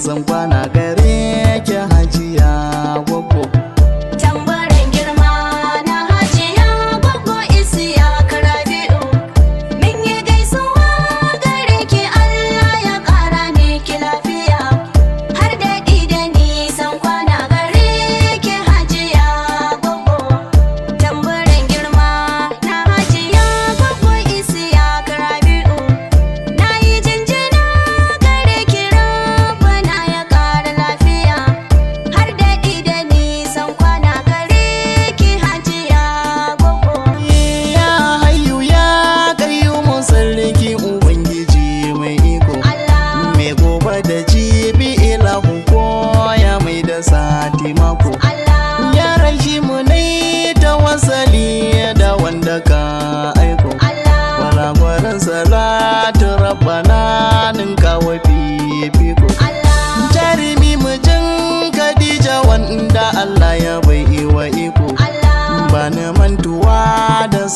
zangwa na gari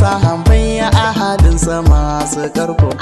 sahabai a hadin sama su karko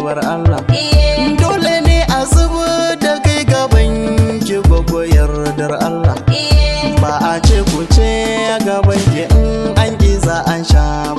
rayuwar Allah dole ne a zubo da kai gaban ki gwagwa yardar Allah ba a ce ku ce gaban ki an ƙi za an sha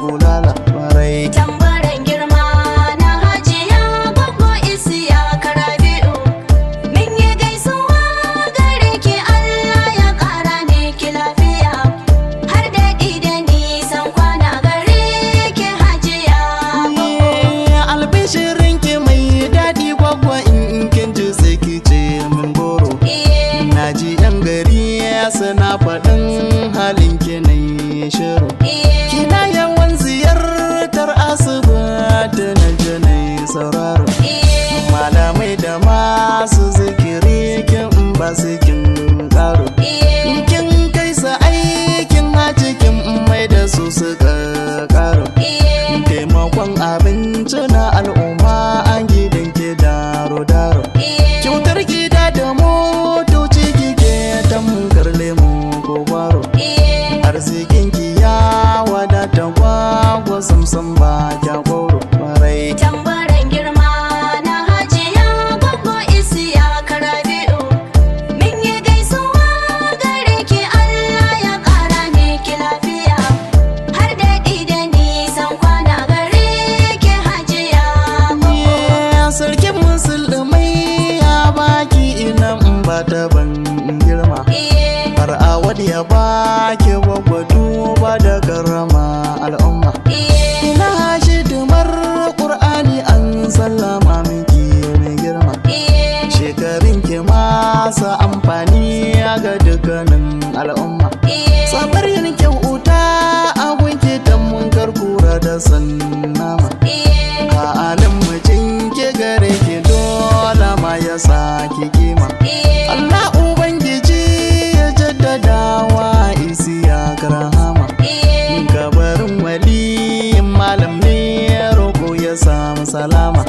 salama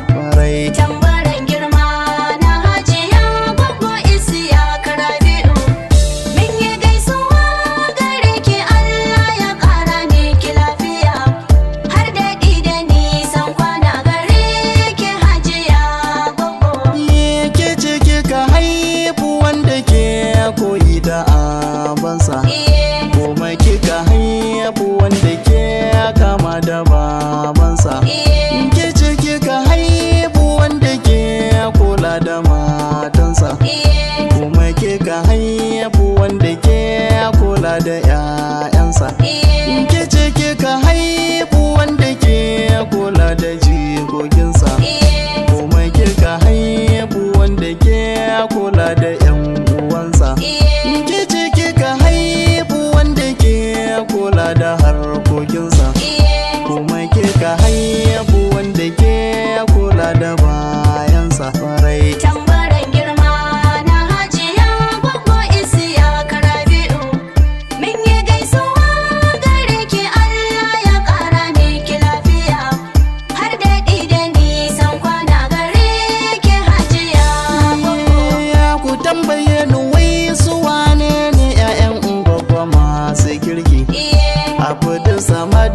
da 'ya'yansa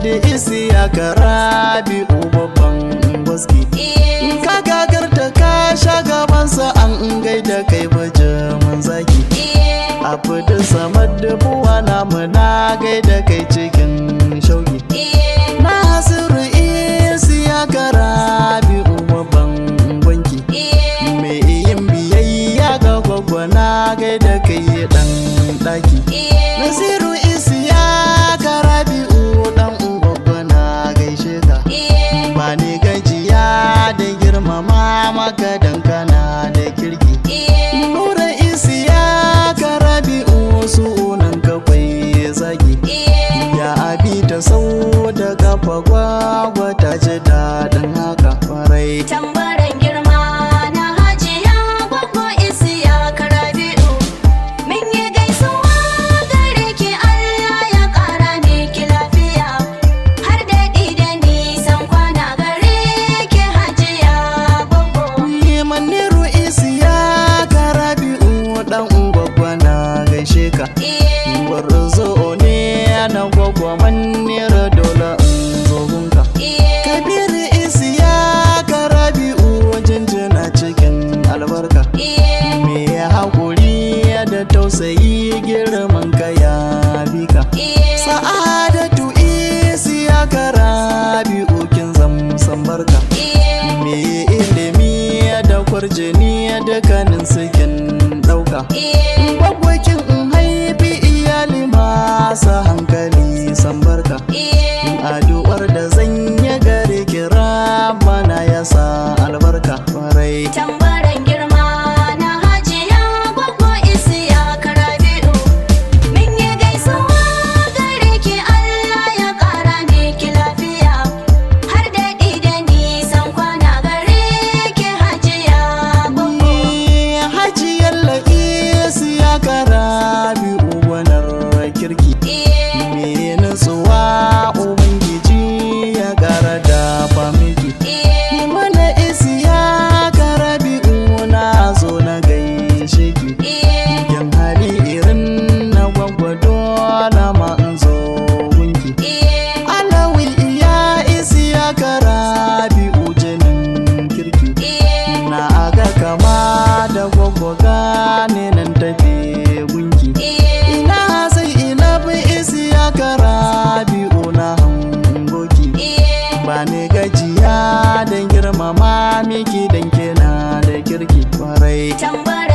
da isi ya karabi babban baski eh. ka gagar da ka sha gabansa an gaida kai baje zaki eh. abu da samar da buwa na muna gaida kai ni gajiya don girmama miki don kina da kirki kwarai